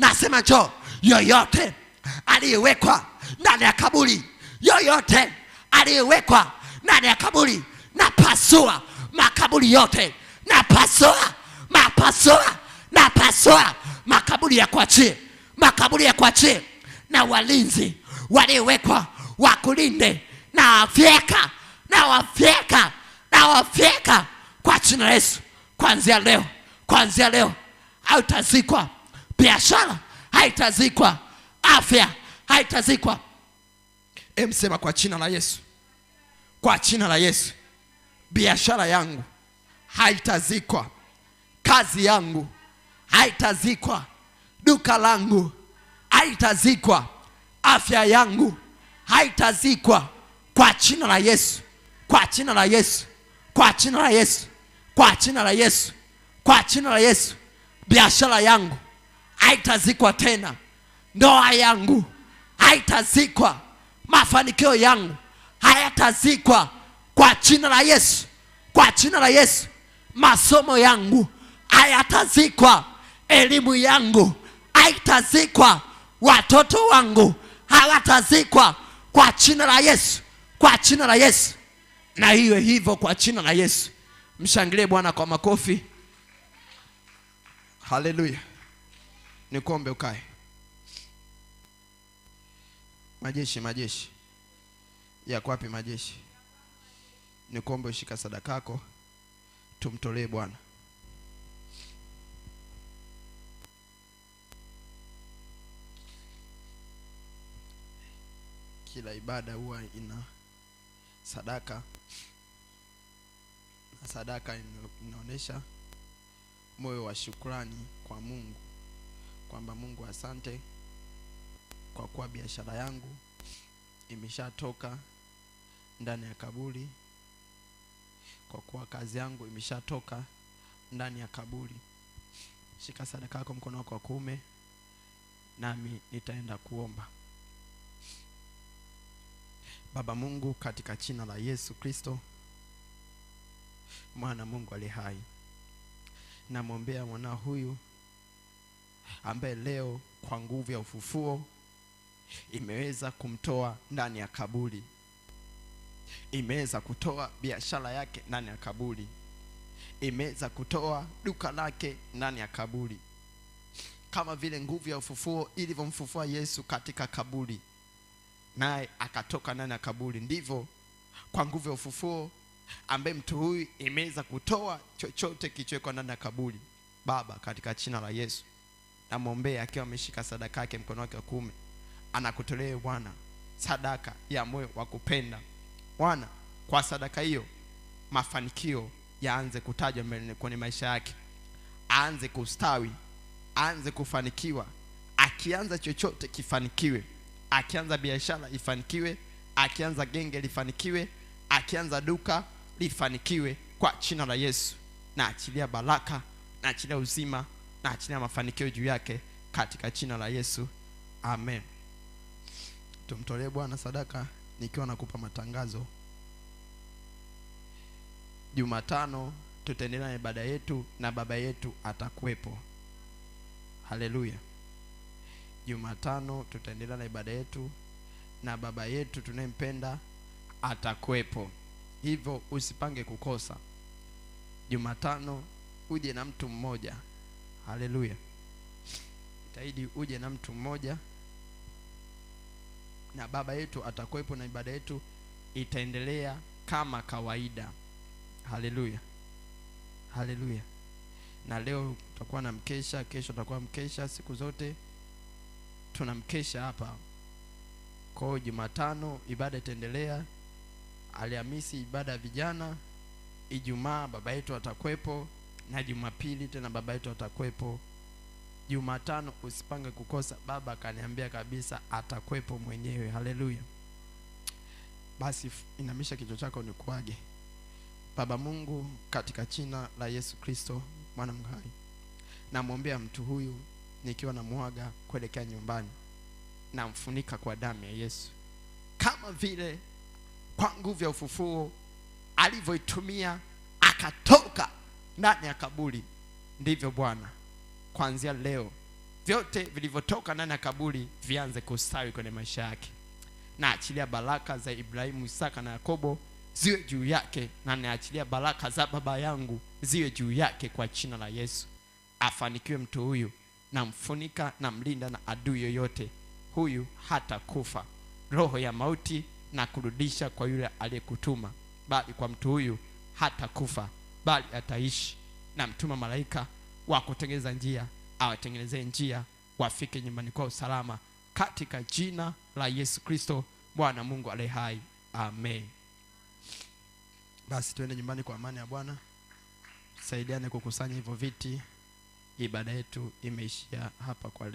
nasema njoo, yoyote aliyewekwa ndani ya kaburi, yoyote aliyewekwa ndani ya kaburi, napasua makaburi yote, napasua mapasua, napasua makaburi ya kuachie, makaburi ya kuachie, na walinzi waliowekwa wakulinde, na wafyeka, na wafyeka, na wafyeka kwa jina la Yesu. Kuanzia leo, kuanzia leo hautazikwa biashara haitazikwa, afya haitazikwa. Emsema kwa jina la Yesu, kwa jina la Yesu, biashara yangu haitazikwa, kazi yangu haitazikwa, duka langu haitazikwa, afya yangu haitazikwa, kwa jina la Yesu, kwa jina la Yesu, kwa jina la Yesu, kwa jina la Yesu, kwa jina la Yesu, biashara yangu haitazikwa tena. Ndoa yangu haitazikwa, mafanikio yangu hayatazikwa kwa jina la Yesu, kwa jina la Yesu. Masomo yangu hayatazikwa, elimu yangu haitazikwa, watoto wangu hawatazikwa kwa jina la Yesu, kwa jina la Yesu. Na hiyo hivyo kwa jina la Yesu. Mshangilie Bwana kwa makofi. Haleluya nikuombe ukae. Majeshi, majeshi, yako wapi majeshi? Nikuombe ushika sadaka yako tumtolee Bwana. Kila ibada huwa ina sadaka na sadaka inaonyesha moyo wa shukrani kwa Mungu kwamba Mungu asante kwa kuwa biashara yangu imeshatoka ndani ya kaburi, kwa kuwa kazi yangu imeshatoka ndani ya kaburi. Shika sadaka yako mkono wako wa kuume, nami nitaenda kuomba. Baba Mungu, katika jina la Yesu Kristo mwana Mungu ali hai, namwombea mwanao huyu ambaye leo kwa nguvu ya ufufuo imeweza kumtoa ndani ya kaburi, imeweza kutoa biashara yake ndani ya kaburi, imeweza kutoa duka lake ndani ya kaburi, kama vile nguvu ya ufufuo ilivyomfufua Yesu katika kaburi, naye akatoka ndani ya kaburi, ndivyo kwa nguvu ya ufufuo ambaye mtu huyu imeweza kutoa chochote kilichowekwa ndani ya kaburi. Baba, katika jina la Yesu namwombea akiwa ameshika sadaka yake mkono wake wa kumi anakutolea Bwana sadaka ya moyo wa kupenda Bwana. Kwa sadaka hiyo mafanikio yaanze kutajwa kwenye maisha yake, aanze kustawi, aanze kufanikiwa. Akianza chochote kifanikiwe, akianza biashara ifanikiwe, akianza genge lifanikiwe, akianza duka lifanikiwe, kwa china la Yesu. Naachilia baraka, naachilia uzima na ya mafanikio juu yake katika jina la yesu amen tumtolee bwana sadaka nikiwa nakupa matangazo jumatano tutaendelea na ibada yetu na baba yetu atakuwepo haleluya jumatano tutaendelea na ibada yetu na baba yetu tunayempenda atakuwepo hivyo usipange kukosa jumatano uje na mtu mmoja haleluya jitahidi uje na mtu mmoja na baba yetu atakuwepo na ibada yetu itaendelea kama kawaida haleluya haleluya na leo tutakuwa na mkesha kesho tutakuwa mkesha siku zote tuna mkesha hapa kwao jumatano ibada itaendelea alhamisi ibada ya vijana ijumaa baba yetu atakwepo na Jumapili tena baba yetu atakwepo. Jumatano usipange kukosa, baba akaniambia kabisa atakwepo mwenyewe. Haleluya! Basi inamisha kichwa chako nikuage. Baba Mungu, katika jina la Yesu Kristo mwana mhai, namwombea mtu huyu nikiwa mwaga kuelekea nyumbani, namfunika kwa damu ya Yesu, kama vile kwa nguvu ya ufufuo alivyoitumia akatoka ndani ya kaburi. Ndivyo Bwana, kuanzia leo vyote vilivyotoka ndani ya kaburi vianze kustawi kwenye maisha yake, na achilia baraka za Ibrahimu, Isaka na Yakobo ziwe juu yake, na naachilia baraka za baba yangu ziwe juu yake kwa jina la Yesu. Afanikiwe mtu huyu, na mfunika na mlinda na adui yoyote huyu, hata kufa roho ya mauti na kurudisha kwa yule aliyekutuma, bali kwa mtu huyu hata kufa bali ataishi na mtuma malaika wa kutengeneza njia awatengenezee njia wafike nyumbani kwa usalama katika jina la yesu kristo bwana mungu aliye hai amen basi tuende nyumbani kwa amani ya bwana saidiane kukusanya hivyo viti ibada yetu imeishia hapa kwa